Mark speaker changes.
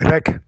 Speaker 1: rek